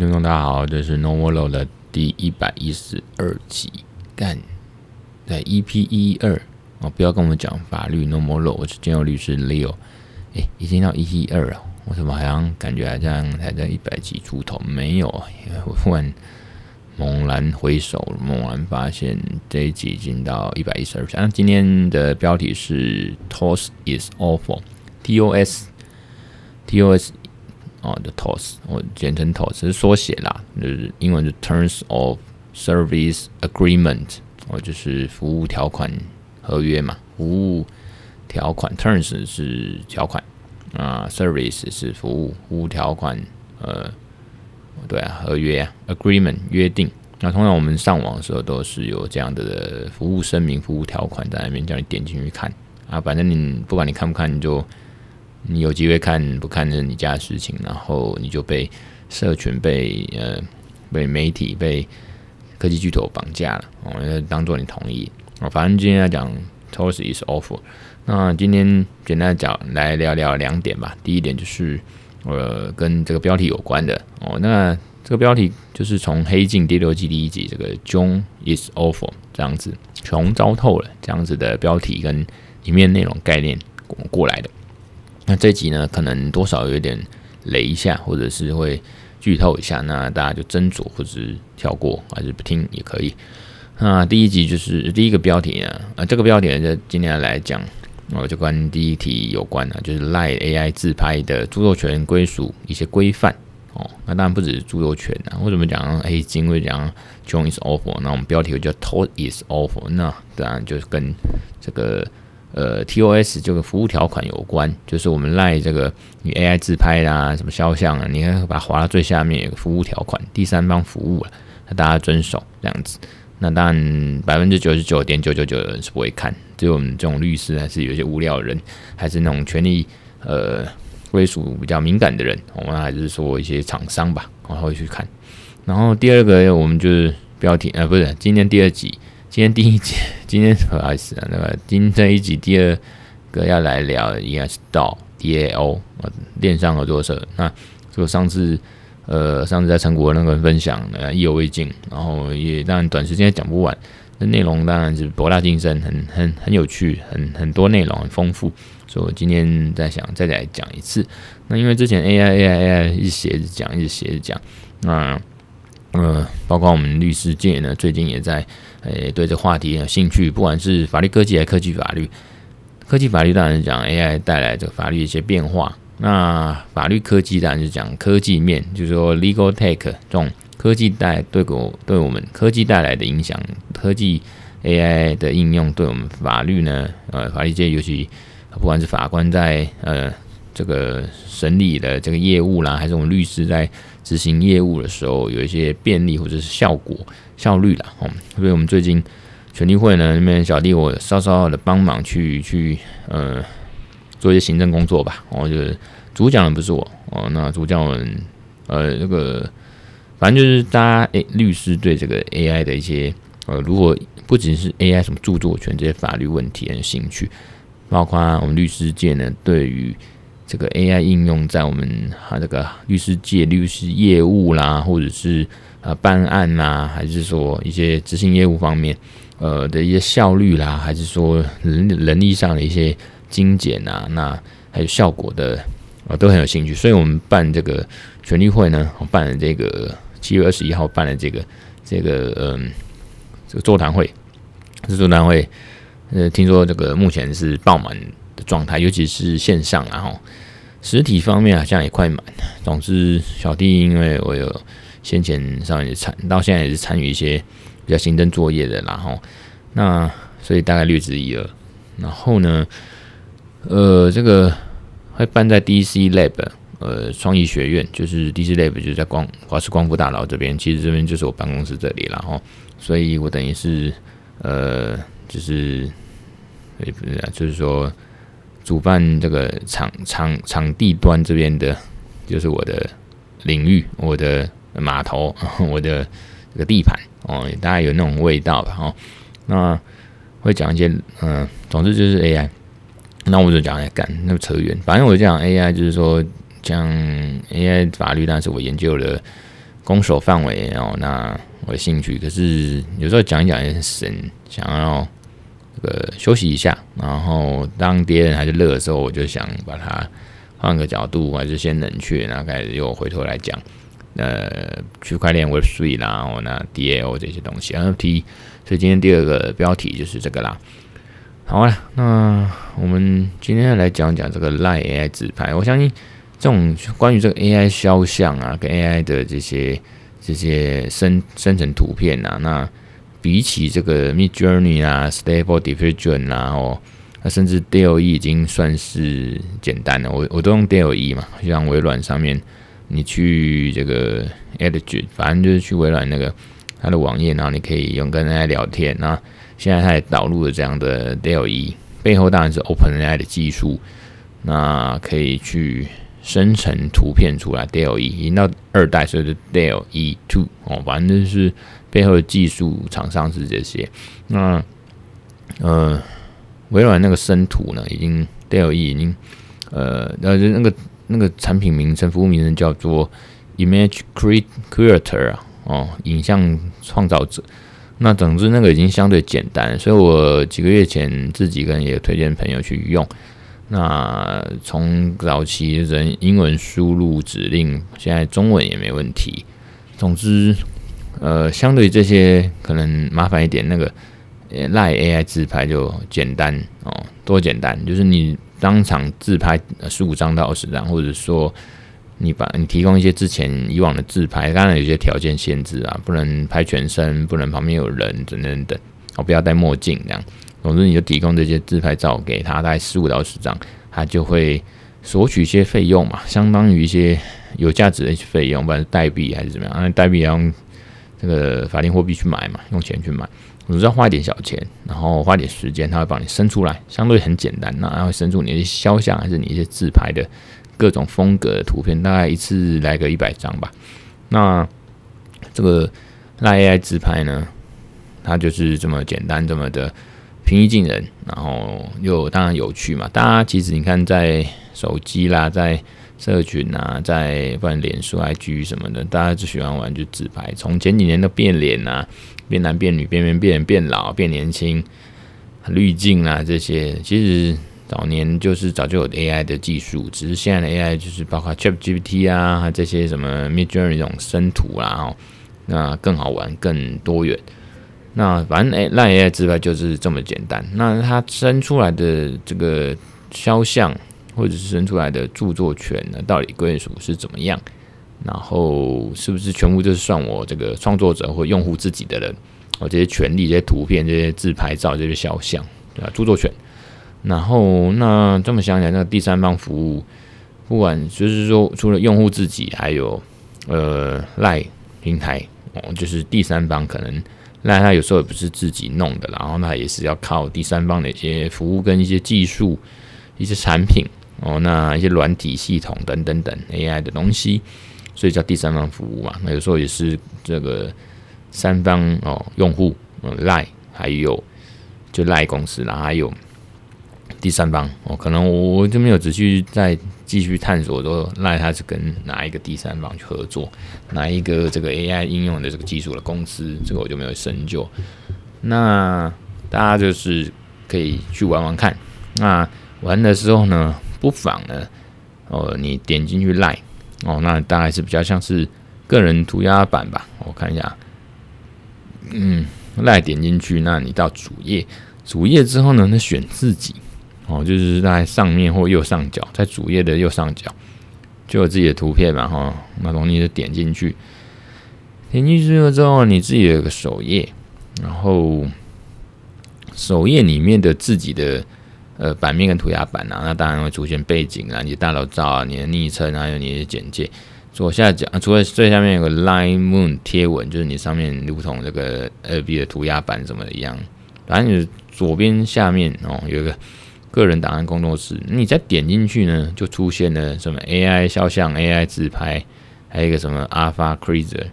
聽眾大家好，這是 No More Law 的第一百一十二集，干在 EP 一二哦，不要跟我們講法律 No More Law 我是金融律師 Leo、欸。哎，已經到 EP 二了，我怎麼好像感覺還這樣，還在一百集出頭？沒有，啊，因為我忽然猛然回首，猛然發現這一集已經到一百一十二集。那、啊、今天的標題是 ToS is awful，T O S T O S。哦 the ToS 我、哦、簡稱 ToS 是縮寫啦，就是英文的 terms of service agreement，哦，就是服務條款合約嘛，服務條款 terms 是條款啊、呃、，service 是服務，服務條款呃，對啊，合約啊，agreement 約定。那通常我們上網的時候都是有這樣的服務聲明、服務條款在那邊叫你點進去看啊，反正你不管你看不看，你就。你有機會看不看是你家的事情，然後你就被社群、被呃、被媒體、被科技巨頭綁架了。哦，就當作你同意哦。反正今天要講，TOS is awful。那今天簡單講，來聊聊兩點吧。第一點就是呃，跟這個標題有關的哦。那這個標題就是從《黑鏡》第六季第一集這個 “Joan is awful” 這樣子，窮糟透了這樣子的標題跟裡面內容概念過來的。那這集呢，可能多少有點雷一下，或者是會劇透一下，那大家就斟酌或者是跳過，還是不聽也可以。那第一集就是第一個標題啊，啊，這個標題呢就今天來講，我就跟第一題有關的、啊，就是賴 AI 自拍的著作權歸屬一些規範哦。那當然不只是著作權啊，為什麼講？哎、欸，因為講 John is o w f 那我們標題就叫 t o t is o f f 那當然、啊、就是跟這個。呃，TOS 這個服務條款有關，就是我們賴這個你 AI 自拍啦，什麼肖像啊，你看把它劃到最下面有個服務條款，第三方服務啊，大家遵守這樣子。那當然百分之九十九點九九九的人是不會看，只有我們這種律師還是有些無聊的人，還是那種權利呃歸屬比較敏感的人，我們還是說一些廠商吧，我會去看。然後第二個我們就是標題啊，呃、不是今天第二集，今天第一集，今天不好意思啊，那個今天一集第二個要來聊，應該是到 DAO 啊，鏈上合作社。那這個上次呃，上次在成果那個分享，呃，意猶未盡，然後也當然短時間也講不完。那內容當然是博大精深，很很很有趣，很很多內容很豐富。所以我今天在想再來講一次。那因為之前 AI AI AI 一直寫着講，一直寫着講，那。嗯、呃，包括我們律師界呢，最近也在，誒、呃，對這話題有興趣，不管是法律科技還是科技法律，科技法律當然是講 AI 帶來的法律一些變化。那法律科技當然是講科技面，就是說 legal tech 這種科技帶對我對我們科技帶來的影響，科技 AI 的應用對我們法律呢，呃，法律界尤其不管是法官在呃這個審理的這個業務啦，還是我們律師在。執行業務的時候有一些便利或者是效果效率啦，哦，所以我們最近權力會呢那邊，小弟我稍稍的幫忙去去呃做一些行政工作吧，我、喔、就主講人不是我哦、喔，那主講人呃那、這個反正就是大家誒、欸、律師對這個 AI 的一些呃如果不只是 AI 什麼著作權這些法律問題很有興趣，包括我們律師界呢對於。這個 AI 應用在我們啊，這個律師界、律師業務啦，或者是啊、呃、辦案吶，還是說一些執行業務方面，呃的一些效率啦，還是說人力,人力上的一些精簡吶、啊，那還有效果的啊、呃，都很有興趣。所以，我們辦這個全利會呢，我辦了這個七月二十一號辦了這個這個嗯、呃、這個座談會，這座談會，呃，聽說這個目前是爆滿的狀態，尤其是線上，啊。實體方面好像也快滿了。總之，小弟因為我有先前上面參到現在也是參與一些比較行政作業的啦，吼。那所以大概略知一二。然後呢，呃，這個會辦在 DC Lab，呃，創意學院就是 DC Lab 就是在華華士光華氏光伏大樓這邊，其實這邊就是我辦公室這裡，然後，所以我等於是呃，就是也不是啊，就是說。主辦這個場場場地端這邊的，就是我的領域，我的碼頭，我的這個地盤哦，大概有那種味道吧？哦，那會講一些，嗯、呃，總之就是 AI，那我就講來幹，那扯遠，反正我就講 AI，就是說講 AI 法律，那是我研究的攻守範圍哦，那我的興趣，可是有時候講一講也很神，想要。這個休息一下，然後當別人還是熱的時候，我就想把它換個角度，啊，我還是先冷卻，然後開始又回頭來講。呃，區塊鏈、Web3 啦，我那 DAO 這些東西、NFT，所以今天第二個標題就是這個啦。好啦，那我們今天來講講這個 Line AI 自拍。我相信這種關於這個 AI 肖像啊，跟 AI 的這些這些生生成圖片吶、啊，那。比起這個 Midjourney 啊，Stable Diffusion 啊，哦，那甚至 DALL-E 已經算是簡單了。我我都用 DALL-E 嘛，像微軟上面，你去這個 Edge，反正就是去微軟那個它的網頁，然後你可以用跟人家聊天。那現在它也導入了這樣的 DALL-E，背後當然是 OpenAI 的技術，那可以去。生成圖片出來 DALL-E 已經到二代，所以就 DALL-E 2哦，反正是背後的技術廠商是這些。那呃，微軟那個生圖呢，已經 DALL-E 已經呃呃那個那個產品名稱、服務名稱叫做 Image Creator 啊，哦，影像創造者。那總之那個已經相對簡單，所以我幾個月前自己跟也推薦朋友去用。那從早期人英文輸入指令，現在中文也沒問題。總之，呃，相對這些可能麻煩一點。那個 Line AI 自拍就簡單哦，多簡單，就是你當場自拍十五張到二十張，或者說你把你提供一些之前以往的自拍，當然有些條件限制啊，不能拍全身，不能旁邊有人等等等等，哦，不要戴墨鏡這樣。總之，你就提供這些自拍照給他，大概十五到十張，他就會索取一些費用嘛，相當於一些有價值的一些費用，不管是代幣還是怎麼樣，那代幣要用這個法定貨幣去買嘛，用錢去買，總之要花一點小錢，然後花點時間，他會幫你生出來，相對很簡單，那然後生出你的肖像還是你一些自拍的各種風格的圖片，大概一次來個一百張吧。那這個 Line AI 自拍呢，它就是這麼簡單，這麼的。平易近人，然後又當然有趣嘛。大家其實你看，在手機啦，在社群啊，在不然臉書、IG 什麼的，大家就喜歡玩就自拍。從前幾年都變臉啊，變男變女，變女變變變老變年輕，濾鏡啊這些。其實早年就是早就有 AI 的技術，只是現在的 AI 就是包括 ChatGPT 啊還這些什麼 Midjourney 這種生圖啦，那更好玩，更多元。那反正誒，Line AI 自拍就是這麼簡單。那它生出來的這個肖像，或者是生出來的著作權呢，到底歸屬是怎麼樣？然後是不是全部就是算我這個創作者或用戶自己的人？我這些權利、這些圖片、這些自拍照、這些肖像，對啊，著作權。然後那這麼想想，那第三方服務，不管就是說，除了用戶自己，還有呃，LINE 平台哦、嗯，就是第三方可能。那它有時候也不是自己弄的，然後那也是要靠第三方的一些服務跟一些技術、一些產品哦，那一些軟體系統等等等 AI 的東西，所以叫第三方服務嘛。那有時候也是這個三方哦，用戶賴，嗯、LINE，還有就賴公司啦，還有。第三方哦，可能我我就沒有仔細再繼續探索說 Line 他是跟哪一個第三方去合作，哪一個這個 AI 應用的這個技術的公司，這個我就沒有深究。那大家就是可以去玩玩看。那玩的時候呢，不妨呢，哦，你點進去 Line 哦，那大概是比較像是個人塗鴉板吧。我、哦、看一下，嗯，Line 點進去，那你到主頁，主頁之後呢，那選自己。哦，就是在上面或右上角，在主頁的右上角就有自己的圖片嘛，哈、哦，那東西就點進去。點進去之後，你自己有個首頁，然後首頁裡面的自己的呃版面跟塗鴉板啊，那當然會出現背景啊，你大頭照啊，你的昵稱、啊，還有你的簡介。左下角、啊、除了最下面有個 Line Moon 貼文，就是你上面如同這個二 B 的塗鴉板什麼的一樣。反正你左邊下面哦有一個。個人檔案工作室，你再點進去呢，就出現了什麼 AI 肖像、AI 自拍，還有一個什麼 Alpha Craiser。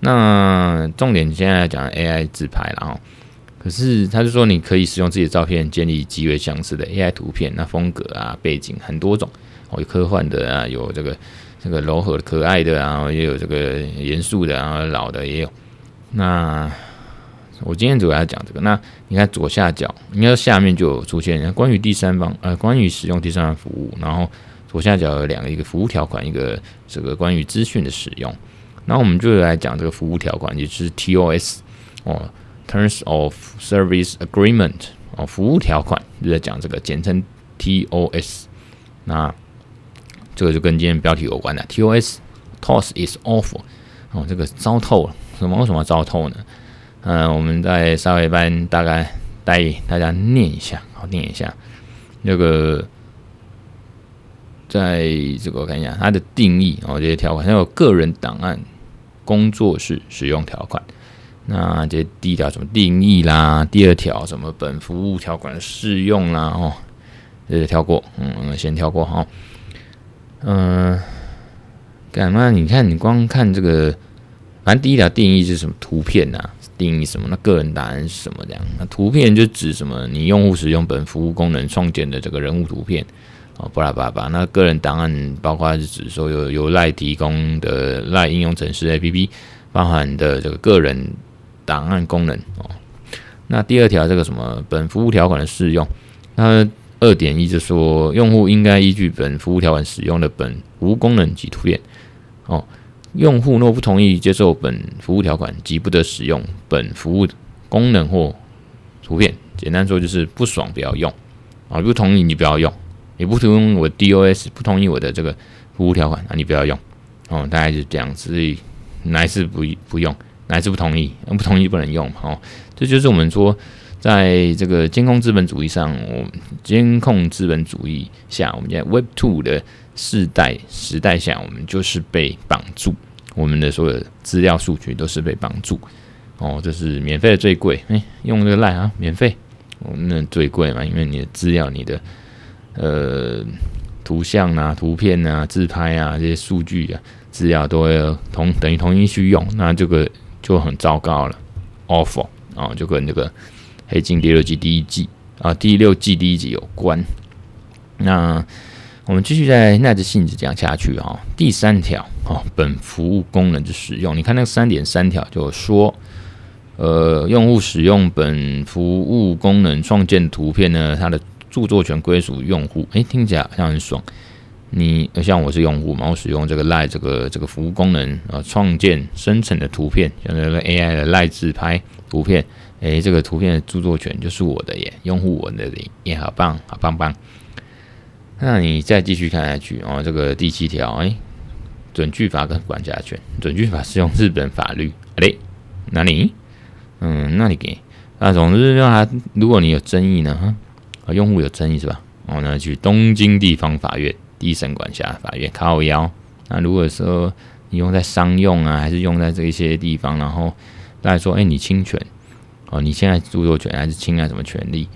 那重點現在講 AI 自拍了哦。可是他就說你可以使用自己的照片建立極為相似的 AI 圖片，那風格啊、背景很多種，有科幻的啊，有這個這個柔和可愛的啊，然後也有這個嚴肅的啊，然後老的也有。那。我今天主要來講這個。那你看左下角，應該下面就有出現。關於第三方，呃，關於使用第三方服務，然後左下角有兩個，一個服務條款，一個這個關於資訊的使用。那我們就來講這個服務條款，也就是 TOS 哦，Terms of Service Agreement 哦，服務條款就在講這個，簡稱 TOS 那。那這個就跟今天標題有關了，TOS，TOS is awful 哦，這個糟透了。什麼？為什麼糟透呢？嗯，我們在稍微幫大概帶大家念一下，好，念一下這個。在這個我看一下它的定義哦。這些條款，它有個人檔案工作室使用條款。那這第一條什麼定義啦？第二條什麼本服務條款適用啦？哦，這、就、個、是、跳過，嗯，先跳過哈、哦。嗯、呃，幹嘛？你看，你光看這個，反正第一條定義是什麼？圖片吶、啊？定義什麼？那個人檔案是什麼？這樣，那圖片就指什麼？你用戶使用本服務功能創建的這個人物圖片哦，巴拉巴拉巴，那個人檔案包括是指說有由 Line 提供的 Line 應用程式 APP 包含的這個個人檔案功能哦。那第二條這個什麼本服務條款的適用，那二點一就是說，用戶應該依據本服務條款使用的本服務功能及圖片哦。用戶若不同意接受本服務條款，即不得使用本服務功能或圖片。簡單說就是不爽不要用，啊，不同意你不要用，你不同意我 ToS，不同意我的這個服務條款，那你不要用，哦，大概就是這樣子，哪一次不不用，哪一次不同意，不同意不能用，好、哦，這就是我們說。在這個監控資本主義上，我們監控資本主義下，我們在 Web Two 的世代時代下，我們就是被綁住，我們的所有資料數據都是被綁住。哦，這是免費的最貴，哎、欸，用這個 Line 啊，免費，我、哦、們最貴嘛，因為你的資料、你的呃圖像啊、圖片啊、自拍啊這些數據啊資料都要同等於同意去用，那這個就很糟糕了，awful、哦、就跟這個。《黑鏡》第六季第一季啊，第六季第一集有關。那我們繼續在耐着性子講下去哈、哦。第三條哦，本服務功能的使用，你看那個三點三條就說，呃，用戶使用本服務功能創建圖片呢，它的著作權歸屬用戶。誒，聽起來好像很爽。你像我是用戶嘛，我使用這個 Line 這個這個服務功能啊，創建生成的圖片，像那個 AI 的 Line 自拍圖片。誒、欸，這個圖片的著作權就是我的耶，用戶我的耶，yeah, 好棒，好棒棒。那你再繼續看下去哦，這個第七條，誒、欸，準據法跟管轄權，準據法是用日本法律，啊，嘞。哪裡？嗯，那你給？那總之讓他，如果你有爭議呢，哈、啊，用戶有爭議是吧？哦，那去東京地方法院第一審管轄法院，靠腰。那如果說你用在商用啊，還是用在這一些地方，然後大家說，誒、欸，你侵權。哦，你現在著作權還是侵害什麼權利？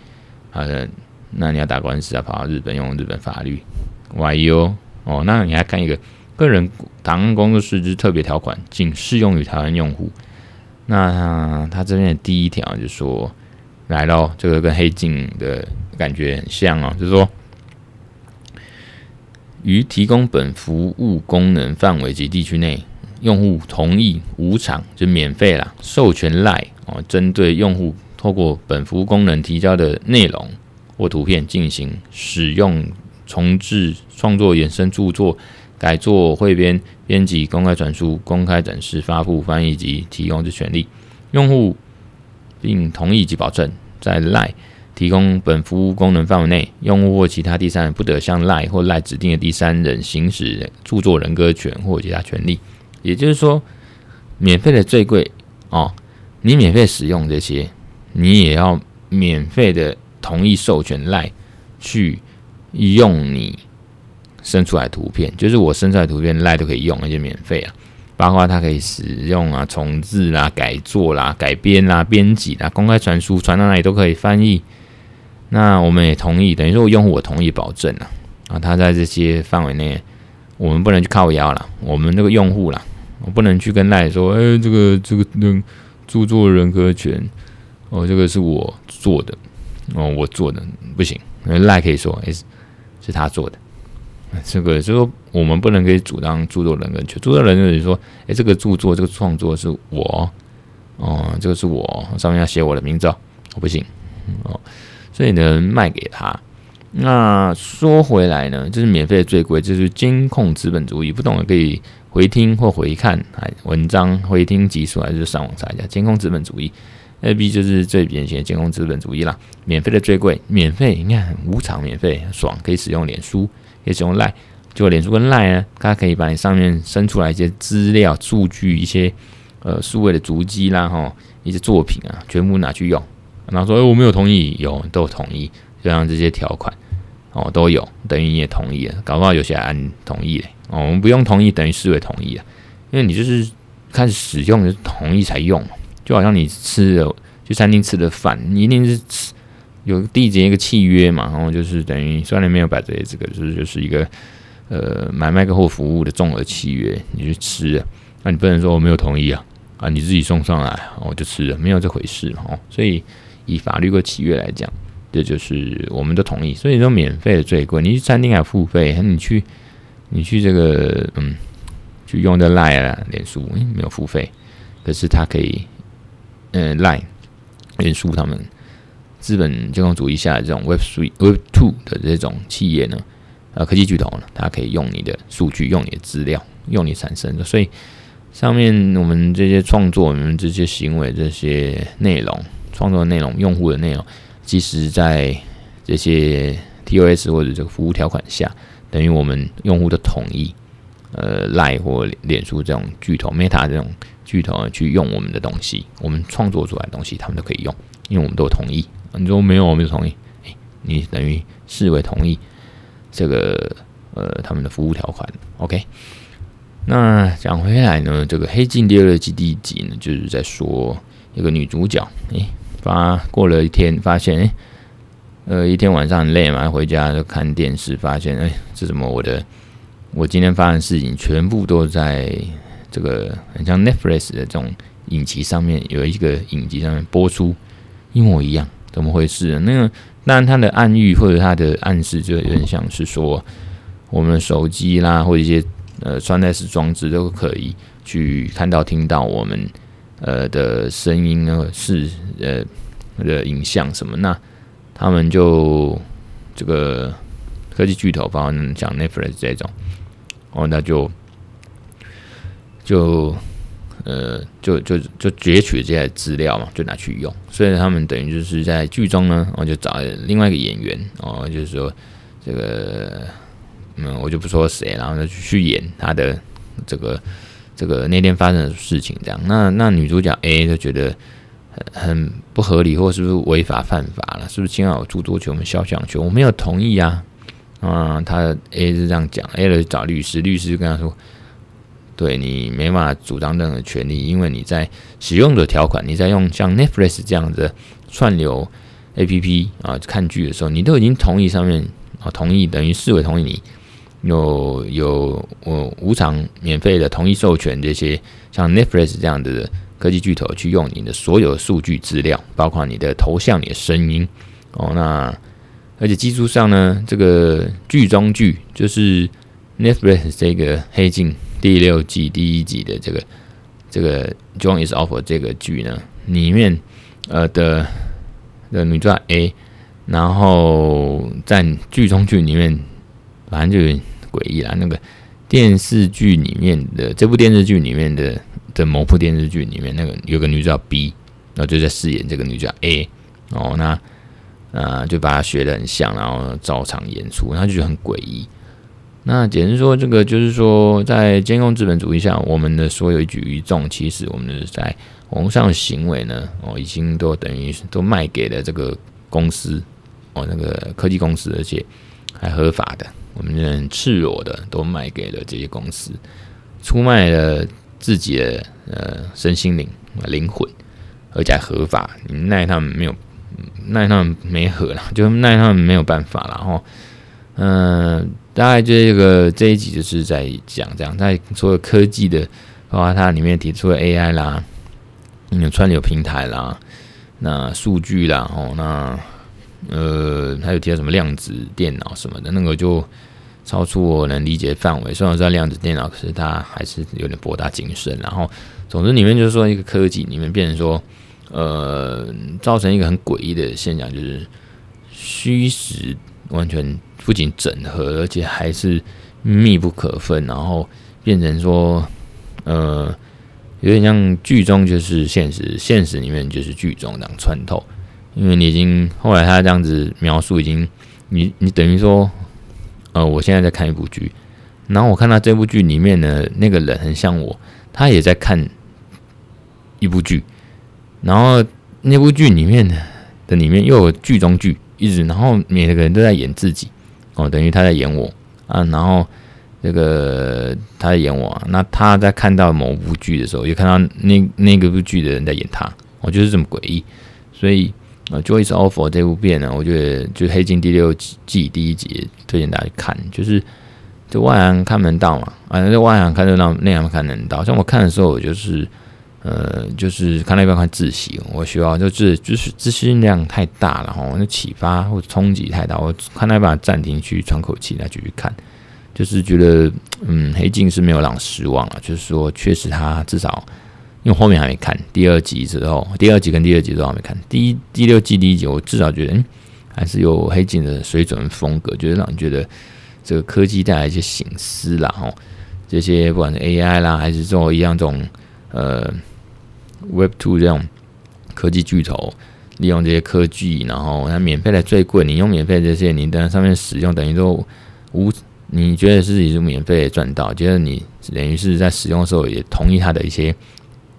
好、啊、的，那你要打官司啊，要跑到日本用日本法律，Why you？、哎、哦，那你要看一個個人檔案工作室之特別條款，僅適用於台灣用戶。那、啊、他這邊的第一條就是說，來咯，這個跟黑鏡的感覺很像哦，就是說，於提供本服務功能範圍及地區內，用戶同意無償就免費啦，授權賴。針對用戶透過本服務功能提交的內容或圖片進行使用、重製、創作、衍生著作、改作、彙編、編輯、公開傳輸、公開展示、發布、翻譯及提供之權利，用戶並同意及保證，在 Line 提供本服務功能範圍內，用戶或其他第三人不得向 Line 或 Line 指定的第三人行使著作人格權或其他權利。也就是說，免費的最貴哦。你免費使用這些，你也要免費的同意授權 LINE 去用你生出來圖片，就是我生出來圖片，LINE 都可以用，而且免費啊，包括它可以使用啊、重製啦、啊、改作啦、啊、改編啦、啊、編輯啦、公開傳輸、傳到哪裡都可以翻譯。那我們也同意，等於說我用戶我同意保證了啊，他在這些範圍內，我們不能去靠腰了，我們這個用戶啦，我不能去跟 LINE 說，哎、欸，這個這個那。這個著作人格權，哦，這個是我做的，哦，我做的不行，因為 LINE 可以說，是是他做的，這個就是說我們不能可以主張著作人格權。著作人格權說，哎、欸，這個著作這個創作是我，哦，這個是我上面要寫我的名字、哦，我不行，哦，所以你能賣給他。那說回來呢，就是免費的最貴，就是監控資本主義。不懂的可以回聽或回看哎文章，回聽集數，還是上網查一下監控資本主義。A B 就是最典型的監控資本主義啦。免費的最貴，免費應該很無償，免費爽，可以使用臉書，也使用賴。就臉書跟賴呢，它可以把你上面生出來一些資料、數據、一些呃數位的足跡啦，吼，一些作品啊，全部拿去用，然後說誒、欸，我沒有同意，有都有同意。就像這些條款，哦，都有，等於你也同意了，搞不好有些人按同意嘞。哦，我們不用同意，等於視為同意了，因為你就是開始使用就同意才用，就好像你吃的去餐廳吃的飯，你一定是吃有締結一個契約嘛，然、哦、後就是等於雖然沒有把這些這個，就是就是一個呃買賣客戶服務的綜合契約，你去吃了，那、啊、你不能說我沒有同意啊啊，你自己送上來我、哦、就吃了，沒有這回事哦。所以以法律的契約來講，這就,就是我們都同意，所以說免費的最貴。你去餐廳還付費，還你去你去這個嗯，去用的 Line 啊，臉書、欸、沒有付費，可是它可以嗯、呃、，Line、臉書他們資本金融主義下的這種 Web Three、Web Two 的這種企業呢，呃、啊，科技巨頭呢，它可以用你的數據、用你的資料、用你產生的，所以上面我們這些創作、我們這些行為、這些內容、創作內容、用戶的內容。即使在這些 TOS 或者這個服務條款下，等於我們用戶的同意，呃，LINE 或臉書這種巨頭、Meta 這種巨頭去用我們的東西，我們創作出來的東西，他們都可以用，因為我們都有同意、啊。你說沒有，我沒有同意。欸、你等於視為同意這個呃他們的服務條款。OK。那講回來呢，這個《黑鏡》第二季第一集呢，就是在說一個女主角，欸啊，過了一天，發現哎、欸，呃，一天晚上很累嘛，回家就看電視，發現哎、欸，這是什麼？我的，我今天發生事情全部都在這個很像 Netflix 的這種影集上面，有一個影集上面播出一模一樣，怎麼回事呢？那個當然，它的暗喻或者它的暗示就有點像是說，我們手機啦，或者一些呃，穿戴式裝置都可以去看到、聽到我們。呃的聲音呢，是呃的影像什麼，那他們就這個科技巨頭方講 Netflix 這種哦，那就就呃就就就攫取這些資料嘛，就拿去用，所以他們等於就是在劇中呢，我、哦、就找另外一個演員哦，就是說這個嗯，我就不說誰，然後呢去演他的這個。這個那天發生的事情，這樣，那那女主角 A 就覺得很，很不合理，或是不是違法犯法了？是不是侵害我著作權、我們肖像權，我沒有同意啊。啊、嗯，他 A 是這樣講 ，A 了找律師，律師就跟他說，對，你沒辦法主張任何權利，因為你在使用的條款，你在用像 Netflix 這樣的串流 APP 啊看劇的時候，你都已經同意上面啊，同意等於視為同意你。有有，我無償免費的同意授權這些像 Netflix 這樣的科技巨頭去用你的所有數據資料，包括你的頭像、你的聲音。哦，那而且技術上呢，這個劇中劇就是 Netflix 這個《黑鏡》第六季第一集的這個這個 Joan is awful 這個劇呢，裡面的呃的的女主 A，然後在劇中劇裡面。反正就詭異啦，那個電視劇裡面的這部電視劇裡面的的某部電視劇裡面，那個有個女主角 B，那就在飾演這個女主角 A，哦，那啊、呃、就把她學得很像，然後照常演出，然後就覺得很詭異。那簡直說，這個就是說，在監控資本主義下，我們的所有一舉一動，其實我們在網上行為呢，哦，已經都等於都賣給了這個公司，哦，那個科技公司，而且還合法的。我們就很赤裸的都賣給了這些公司，出賣了自己的呃身心靈靈魂，而且還合法。奈他們沒有，嗯、奈他們沒合了，就奈他們沒有辦法了。然後，嗯、呃，大概這個這一集就是在講這樣。在所有科技的，包括它裡面提出的 AI 啦，有串流平台啦，那數據啦，哦，那呃還有提到什麼量子電腦什麼的，那個就。超出我能理解範圍。雖然說量子電腦，可是它還是有點博大精深。然後，總之，裡面就是說一個科技，裡面變成說，呃，造成一個很詭異的現象，就是虛實完全不僅整合，而且還是密不可分。然後變成說，呃，有點像劇中就是現實，現實裡面就是劇中這樣穿透。因為你已經後來他這樣子描述，已經你你等於說。呃，我現在在看一部劇，然後我看到這部劇裡面的那個人很像我，他也在看一部劇，然後那部劇裡面的裡面又有劇中劇，一直，然後每個人都在演自己，哦，等於他在演我啊，然後這個他在演我，那他在看到某部劇的時候，又看到那那個部劇的人在演他，我、哦、就是這麼詭異，所以。那《Joan Is Awful》這部片呢，我覺得就《黑鏡》第六季第一集，推薦大家去看。就是就外行看門道嘛，反正就外行看熱鬧，內行看門道。像我看的時候，我就是呃，就是看那一半看窒息，我需要就是就是資訊量太大了吼，那啟發或衝擊太大，我看那一半暫停去喘口氣再去看。就是覺得嗯，《黑鏡》是沒有讓失望了，就是說確實它至少。因為後面還沒看第二集之後，第二集跟第二集都還沒看。第一第六季第一集，我至少覺得，嗯、還是有黑鏡的水準風格，就是讓你覺得這個科技帶來一些省思啦，吼，這些不管是 AI 啦，還是做一樣這種呃 Web Two 這種科技巨頭，利用這些科技，然後它免費的最貴，你用免費這些，你等上面使用，等於說無，你覺得自己是免費賺到，就是你等於是在使用的時候也同意它的一些。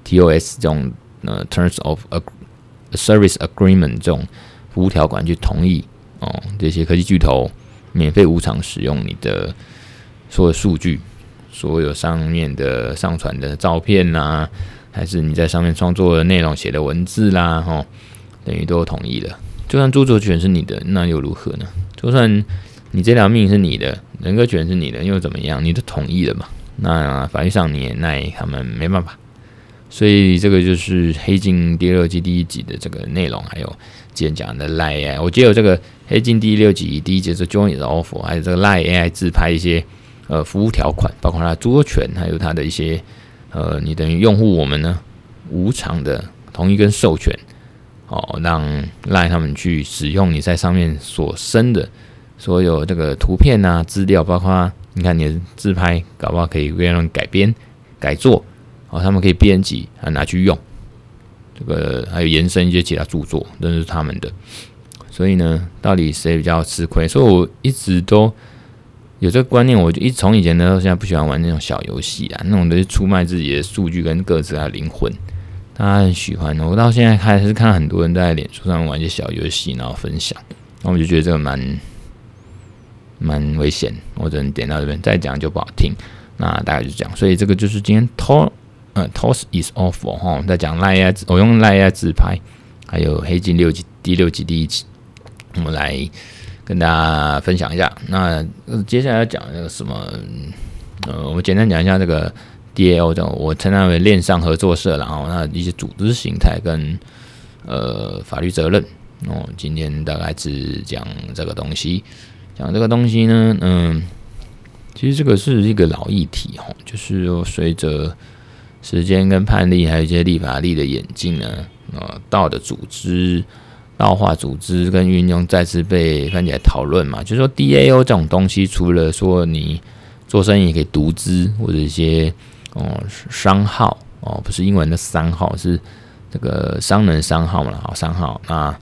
TOS 這種呃、uh，Terms of、Ag、a Service Agreement 這種服務條款，去同意哦，這些科技巨頭免費無償使用你的所有數據，所有上面的上傳的照片啦、啊，還是你在上面創作的內容、寫的文字啦、啊，哈、哦，等於都同意了。就算著作權是你的，那又如何呢？就算你這條命是你的，人格權是你的，又怎麼樣？你都同意了嘛？那、啊、法律上你也奈他們沒辦法。所以這個就是《黑鏡》第六季第一集的這個內容，還有之前講的 Line AI。我記得這個《黑鏡》第六季第一節是 Joan Is Awful 還有這個 Line AI 自拍一些呃服務條款，包括它著作權，還有它的一些呃，你等於用戶我們呢無償的同意跟授權哦，讓 Line 他們去使用你在上面所生的所有這個圖片啊資料，包括你看你的自拍，搞不好可以被讓改編改做。哦，他們可以編輯啊，拿去用，這個還有延伸一些其他著作，都是他們的。所以呢，到底誰比較吃虧？所以我一直都有這個觀念，我就一從以前到現在不喜歡玩那種小遊戲啊，那種都是出賣自己的數據跟各自的靈魂。大家很喜歡，我到現在還是看很多人在臉書上面玩一些小遊戲，然後分享，那我就覺得這個蠻蠻危險。我只能點到這邊，再講就不好聽。那大概就這樣，所以這個就是今天 ToS。ToS is awful，在講 Line AI，我、哦、用 Line AI、啊、自拍，還有《黑鏡》六季、第六季第一集，我們來跟大家分享一下。那、呃、接下來要講那個什麼，呃，我們簡單講一下這個 DAO，我稱它為鏈上合作社。然後，那一些組織型態跟呃法律責任哦、呃，今天大概只講這個東西。講這個東西呢，嗯、呃，其實這個是一個老議題，哈，就是隨着時間跟判例，還有一些立法例的演進呢。呃、哦，DAO 的組織、DAO 化組織跟運用再次被翻起來討論嘛？就是說，DAO 這種東西，除了說你做生意可以獨資，或者一些哦商號哦，不是英文的商號，是這個商人商號嘛？好、哦，商號那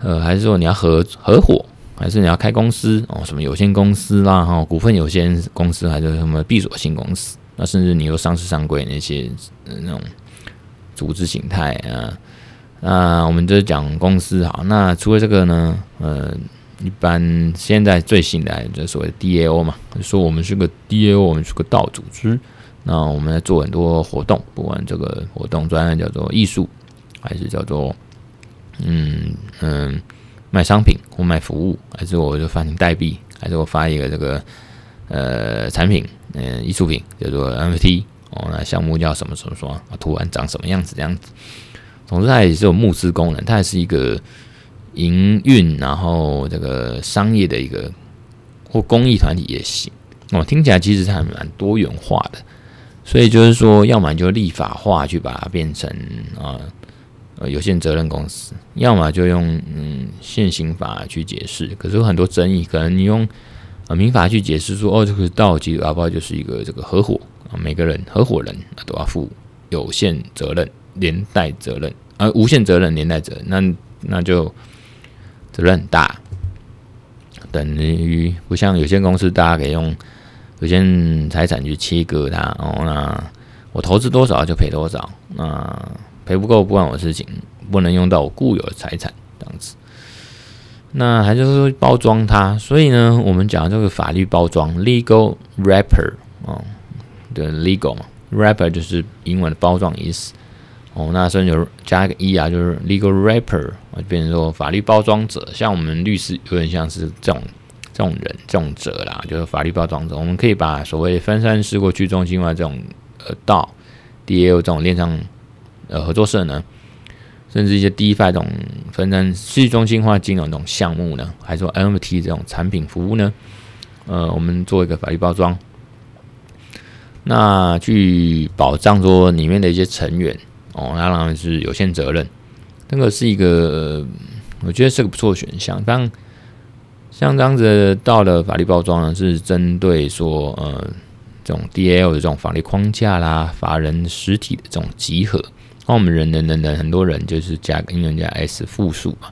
呃，還是說你要合合夥，還是你要開公司哦？什麼有限公司啦，哈、哦，股份有限公司，還是什麼閉鎖性公司？那甚至你有上市、上櫃那些、呃、那種組織形態啊，那我們就講公司好。那除了這個呢，嗯、呃，一般現在最新的就是所謂的 DAO 嘛，說我們是個 DAO，我們是個道組織。那我們在做很多活動，不管這個活動專案叫做藝術，還是叫做嗯嗯、呃、賣商品或賣服務，還是我就發行代幣，還是我發一個這個呃產品。嗯，藝術品叫做 NFT 哦，那項目叫什麼什麼說啊，圖案長什麼樣子這樣子。總之，它也是有募資功能，它也是一個營運，然後這個商業的一個或公益團體也行。哦，聽起來其實它蠻多元化的。所以就是說，要麼就立法化去把它變成啊，有限責任公司；要麼就用嗯現行法去解釋。可是有很多爭議，可能你用。啊，民法去解釋說，哦，這個道基阿包就是一個這個合夥啊，每個人合夥人都要負有限責任、連帶責任，啊，無限責任、連帶責任，那那就責任很大，等於不像有限公司，大家可以用有限財產去切割它。哦，那我投資多少就賠多少，那賠不夠不關我的事情，不能用到我固有的財產這樣子。那所還就是包裝它，所以呢，我們講這個法律包裝 （legal wrapper） 啊、哦，對，legal 嘛，wrapper 就是英文的包裝意思。哦，那所以有加一個一啊，就是 legal wrapper，變成說法律包裝者，像我們律師有點像是這種這種人、這種者啦，就是法律包裝者。我們可以把所謂分散式過去中心化這種呃，DAO 這種鏈上呃合作社呢。甚至一些 DeFi 這種分散去中心化金融這種項目呢，還是說 NFT 這種產品服務呢？呃，我們做一個法律包裝，那去保障說裡面的一些成員哦，那當然是有限責任，這、那個是一個我覺得是個不錯選項。但像這樣子到了法律包裝呢，是針對說呃這種 DAO 的這種法律框架啦，法人實體的這種集合。那我們人的人人人很多人就是加個英文加 s 複數嘛，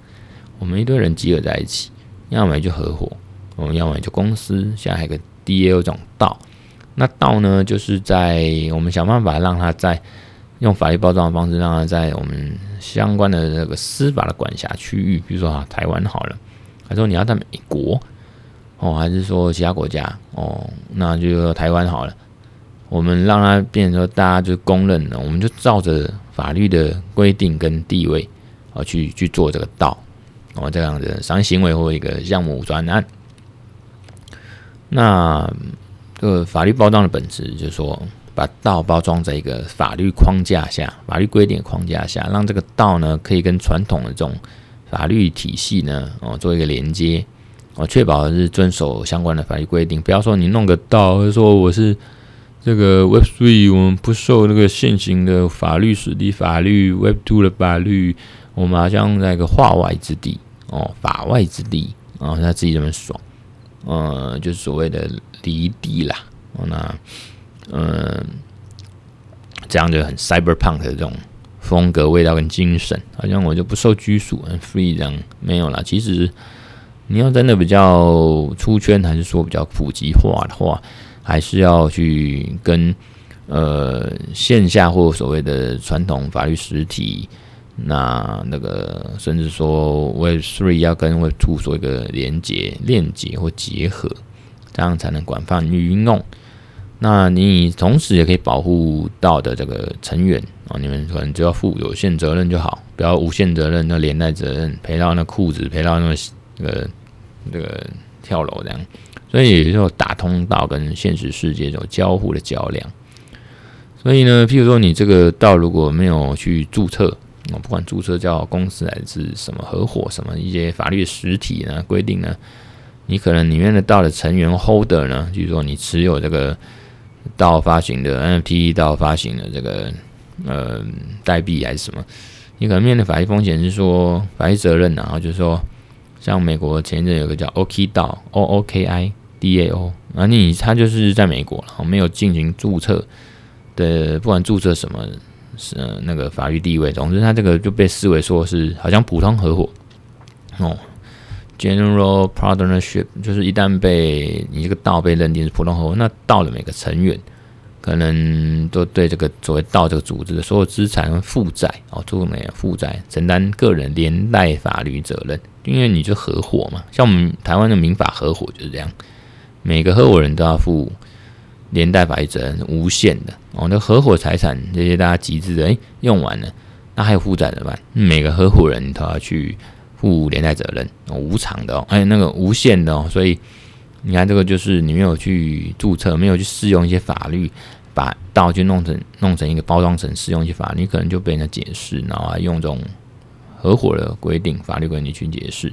我們一堆人集合在一起，要麼就合夥，我們要麼就公司。現在還有個 DAO 這種道，那道呢就是在我們想辦法讓他在用法律包裝的方式，讓他在我們相關的那個司法的管轄區域，比如說啊台灣好了，還是說你要在美國哦，還是說其他國家哦，那就台灣好了，我們讓它變成說大家就公認了，我們就照着。法律的規定跟地位，而、哦、去去做這個道，哦，這樣的商業行為或一個項目專案，那這個法律包裝的本質就是說，把道包裝在一個法律框架下、法律規定的框架下，讓這個道呢可以跟傳統的這種法律體系呢哦做一個連接，哦，確保是遵守相關的法律規定，不要說你弄個道，就是、說我是。這個 Web Three，我們不受那個現行的法律、實體法律、Web Two 的法律，我們好像在一個法外之地哦，法外之地啊，他、哦、自己這麼爽？嗯，就所謂的離地啦。哦、那嗯，這樣就很 Cyberpunk 的這種風格、味道跟精神，好像我就不受拘束，很 Free 這樣。沒有啦，其實你要真的比較出圈，還是說比較普及化的話，還是要去跟呃線下或所謂的傳統法律實體，那那個甚至說 Web Three 要跟 Web Two 做一個連接、鏈接或結合，這樣才能廣泛運用。那你同時也可以保護到的這個成員啊，你們可能只要負有限責任就好，不要無限責任、那連帶責任，賠到那褲子，賠到那個到那個、這個、跳樓這樣。所以也就有打通道跟現實世界這種交互的橋樑。所以呢，譬如說你這個道如果沒有去註冊，我不管註冊叫公司還是什麼合夥，什麼一些法律實體呢規定呢，你可能裡面的道的成員 holder 呢，就是說你持有這個道發行的 NFT，道發行的這個呃代幣還是什麼，你可能面臨法律風險是說法律責任，然後就是說。像美國前一陣有一個叫 OKI DAO, O O K I D A O，啊你他就是在美國，然後沒有進行注冊的，不管注冊什麼，是那個法律地位，總之他這個就被視為說是好像普通合夥哦，general partnership，就是一旦被你這個道被認定是普通合夥，那道的每個成員。可能都對這個所謂 DAO 這個組織的所有資產負債哦，做咩負債承擔個人連帶法律責任？因為你就合夥嘛，像我們台灣的民法合夥就是這樣，每個合夥人都要負連帶法律責任，無限的哦。那合夥財產這些大家集資的，誒，用完了，那還有負債怎麼辦？每個合夥人都要去負連帶責任哦，無償的哦，誒、哎，那個無限的哦，所以。你看這個就是你沒有去註冊，沒有去適用一些法律，把道去弄成弄成一個包裝成適用一些法律，可能就被人家解釋，然後用這種合夥的規定、法律規定去解釋，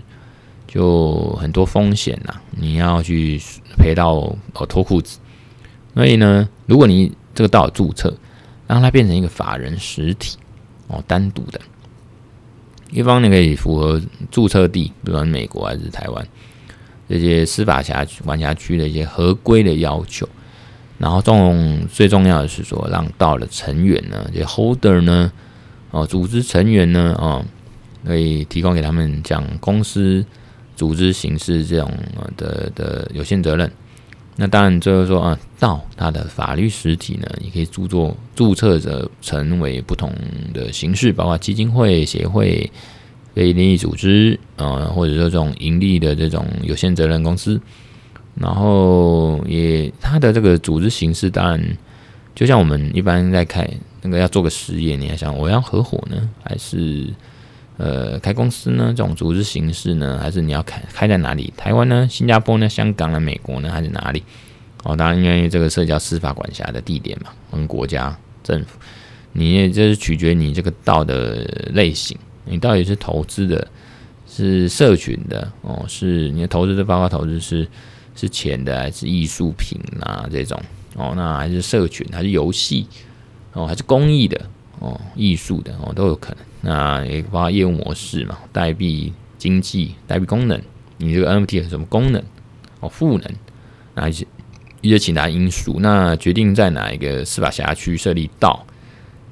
就很多風險吶。你要去賠到哦脫褲子。所以呢，如果你這個道有註冊，讓它變成一個法人實體哦，單獨的，一方你可以符合註冊地，比如說美國還是台灣。這些司法轄區、管轄區的一些合規的要求，然後重，最重要的是說，讓 DAO 的成員呢，這些 holder 呢，哦，組織成員呢，啊、哦，可以提供給他們講公司組織形式這種的、的、的有限責任。那當然就是說啊，DAO 它的法律實體呢，你可以注作注冊者成為不同的形式，包括基金會、協會。非營利組織啊、呃，或者說這種盈利的這種有限責任公司，然後也它的這個組織形式，當然就像我們一般在開那個要做個實業，你還想我要合夥呢，還是呃開公司呢？這種組織形式呢，還是你要開開在哪裡？台灣呢？新加坡呢？香港呢、啊？美國呢？還是哪裡？哦，當然因為這個涉及到司法管轄的地點嘛，我們國家政府，你也就是取決於你這個道的類型。你到底是投資的，是社群的哦？是你的投資的，包括投資是是錢的還是藝術品吶、啊？這種哦？那還是社群還是遊戲哦？還是公益的哦？藝術的哦都有可能。那也包括業務模式嘛，代幣經濟，代幣功能，你這個 NFT 是什麼功能哦？賦能，那一些一些其他因素，那決定在哪一個司法轄區設立到。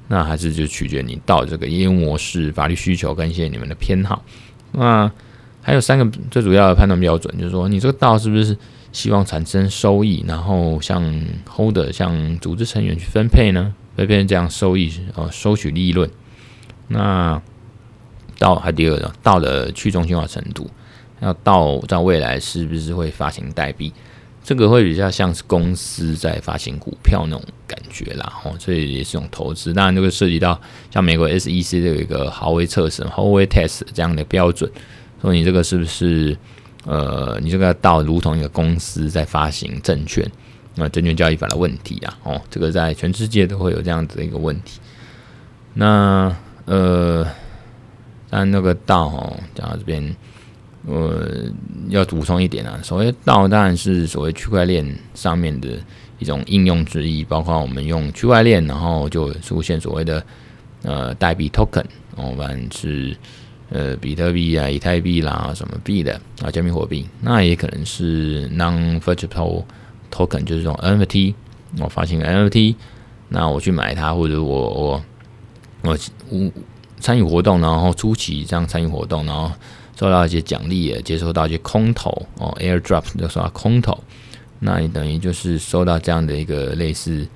那還是就取決你到這個業務模式、法律需求跟一些你們的偏好。那還有三個最主要的判斷標準，就是說你這個 DAO 是不是希望產生收益，然後向 holder、向組織成員去分配呢？會變成這樣收益、哦、收取利潤。那到還第二個，到了去中心化程度，要到在未來是不是會發行代幣？這個會比較像是公司在發行股票那種感覺啦，哦，所以也是一種投資。當然，這個涉及到像美國 SEC 的有一個 “Howey 測試”、“Howey test” 這樣的標準，說你這個是不是呃，你這個到如同一個公司在發行證券，那、呃、證券交易法的問題啊，哦，這個在全世界都會有這樣子一個問題。那呃，但那個到哦，講到這邊。呃，要補充一點啊，所謂「DAO」當然是所謂區塊鏈上面的一種應用之一，包括我們用區塊鏈，然後就出現所謂的呃代幣 token，我、哦、們是呃比特幣啊、以太幣啦、啊、什麼幣的啊加密貨幣，那也可能是 non-fungible token，就是這種 NFT，我發行 NFT，那我去買它，或者我我我、呃、參與活動，然後出席這樣參與活動，然後。收到一些獎勵，也接收到一些空投哦，Airdrop 就收到空投，那你等於就是收到這樣的一個類似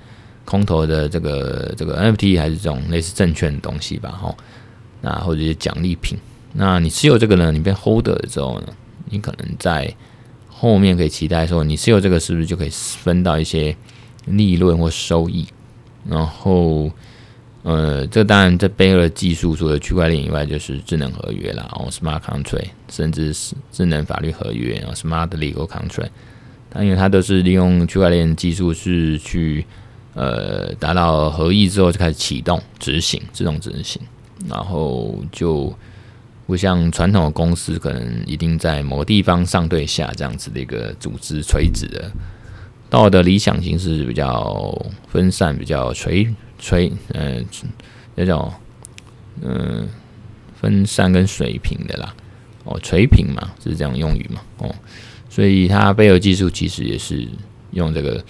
空投的這個這個 NFT 還是這種類似證券的東西吧，吼，那或者是獎勵品。那你持有這個呢，你變 holder 之後呢，你可能在後面可以期待說，你持有這個是不是就可以分到一些利潤或收益？然後。呃，這當然這背後的技術，除了區塊鏈以外，就是智能合約啦，然後, smart contract，甚至是智能法律合約，然後 smart legal contract。但因為它都是利用區塊鏈技術，是去呃達到合意之後就開始啟動執行，自動執行，然後就不像傳統的公司，可能一定在某個地方上對下這樣子的一個組織垂直的。DAO 的理想型是比較分散，比較垂垂，呃，那種，嗯、呃，分散跟水平的啦，哦，垂平嘛，是這樣用語嘛，哦，所以它背後技術其實也是用這個，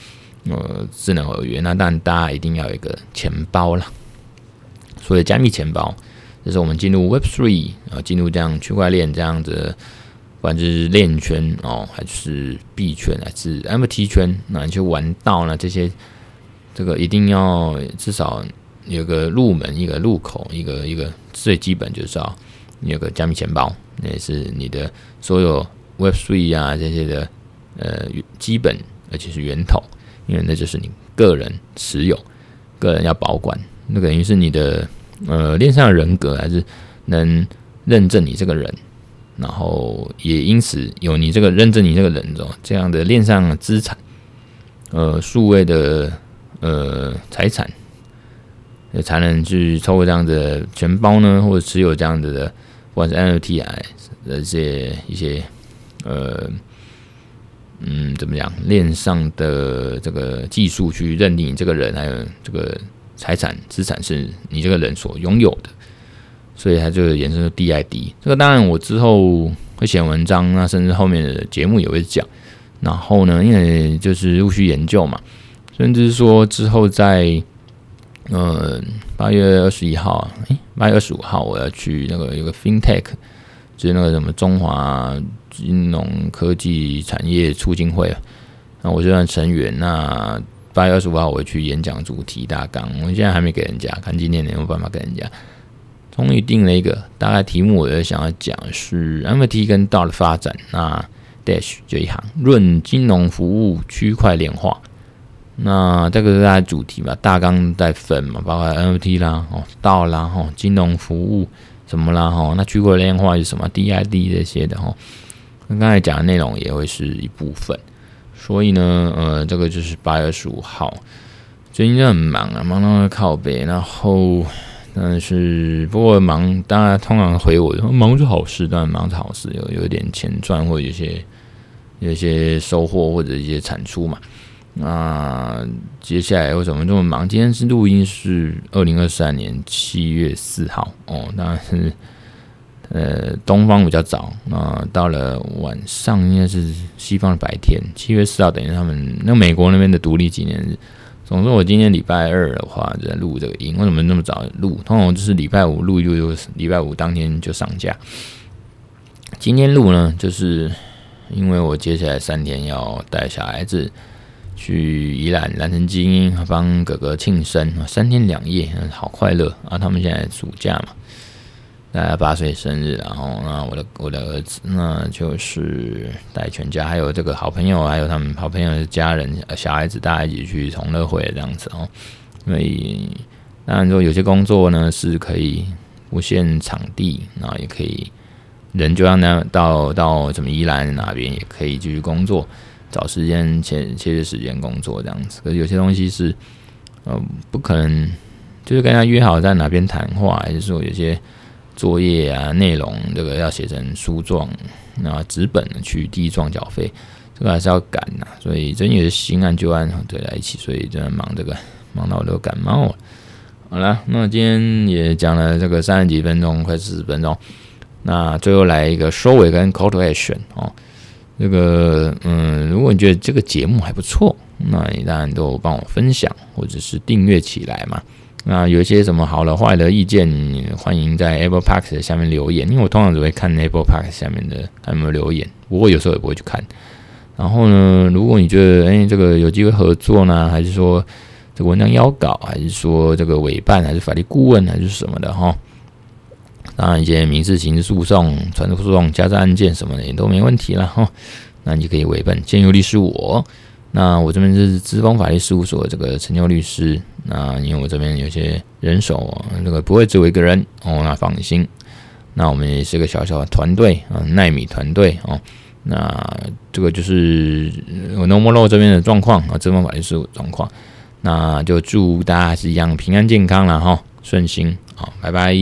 呃，智能合約。那當然，大家一定要有一個錢包啦，所以加密錢包，就是我們進入 Web Three 啊，進入這樣區塊鏈這樣子。不管是鏈圈哦，還是幣圈，還是 MT 圈，那你去玩到了這些，這個一定要至少有個入門一個入口，一個一個最基本就是你有個加密錢包，那也是你的所有 Web3 啊這些的呃基本，而且是源頭，因為那就是你個人持有，個人要保管，那等於是你的呃鏈上的人格，還是能認證你這個人。然後也因此有你這個認證，你這個人哦，這樣的鏈上的資產，呃，數位的呃財產，才能去透過這樣的錢包呢，或者持有這樣的，不管是 NFT i 一些一些呃，嗯，怎麼講，鏈上的這個技術去認定你這個人，還有這個財產資產是你這個人所擁有的。所以它就衍生出 DID，這個當然我之後會寫文章，啊，甚至後面的節目也會講。然後呢，因為就是陸續研究嘛，甚至說之後在，呃，八月二十一號，哎，八月二十五號我要去那個有個 FinTech，就是那個什麼中華金融科技產業促進會啊，那我就算成員。那八月二十五號我會去演講主題大綱，我現在還沒給人家，看今天能有辦法給人家。終於定了一個大概題目，我就想要講是 NFT 跟 DAO 的發展。那 dash 這一行，論金融服務區塊鏈化。那這個是大概主題嘛，大綱在分嘛，包括 NFT 啦，哦、DAO、啦哦，金融服務什麼啦，哦，那區塊鏈化是什麼，DID 這些的，哦，剛才講的內容也會是一部分。所以呢，呃，這個就是八月十五號，最近真的很忙啊，忙到要靠北，然後。但是，不過忙，大家通常回我，忙是好事，當然忙是好事，有有點錢賺或者有些有些收穫或者一些產出嘛。那接下來為什麼這麼忙？今天是錄音是2023年7月4號，是二零二三年七月四號哦。當然是呃東方比較早，那、呃、到了晚上應該是西方的白天。七月四號等於他們那美國那邊的獨立紀念日。總之，我今天禮拜二的話就在錄這個音，為什麼那麼早錄？通常我就是禮拜五錄，又又禮拜五當天就上架。今天錄呢，就是因為我接下來三天要帶小孩子去宜蘭蘭城晶英幫哥哥慶生，三天兩夜，好快樂啊！他們現在暑假嘛。大概八歲生日，然後那我的我的兒子，那就是帶全家，還有這個好朋友，還有他們好朋友的家人，小孩子大家一起去同樂會這樣子哦。所以，那你說有些工作呢是可以不限場地，然後也可以人就讓他到到什麼宜蘭哪邊也可以繼續工作，找時間切，切切些時間工作這樣子。可是有些東西是，嗯，不可能，就是跟他約好在哪邊談話，還是說有些。作業啊，內容這個要寫成書狀，然後紙本去遞狀繳費，這個還是要趕吶、啊。所以真也是新案舊案堆在一起，所以真的忙這個，忙到我都感冒了。好了，那今天也講了這個三十幾分鐘，快四十分鐘。那最後來一個收尾跟 call to action 哦，這個嗯，如果你覺得這個節目還不錯，那你當然都幫我分享或者是訂閱起來嘛。那有一些什麼好的、壞的意見，歡迎在 Apple Podcast 下面留言。因為我通常只會看 Apple Podcast 下面的有沒有留言，不過有時候也不會去看。然後呢，如果你覺得誒這個有機會合作呢，還是說這個文章邀稿，還是說這個委辦，還是法律顧問，還是什麼的哈、哦？當然，一些民事、刑事訴訟、傳屬訴訟、家事案件什麼的也都沒問題了哈、哦。那你就可以委辦，建議律師我。那我這邊是資方法律事務所這個陳秋律師，那因為我這邊有些人手、哦，這個不會只有一個人哦，那放心。那我們也是個小小的團隊啊，奈米團隊哦。那這個就是我 Nomolo 這邊的狀況啊，資方法律事務狀況。那就祝大家是一樣平安健康啦，哈、哦，順心好、哦，拜拜。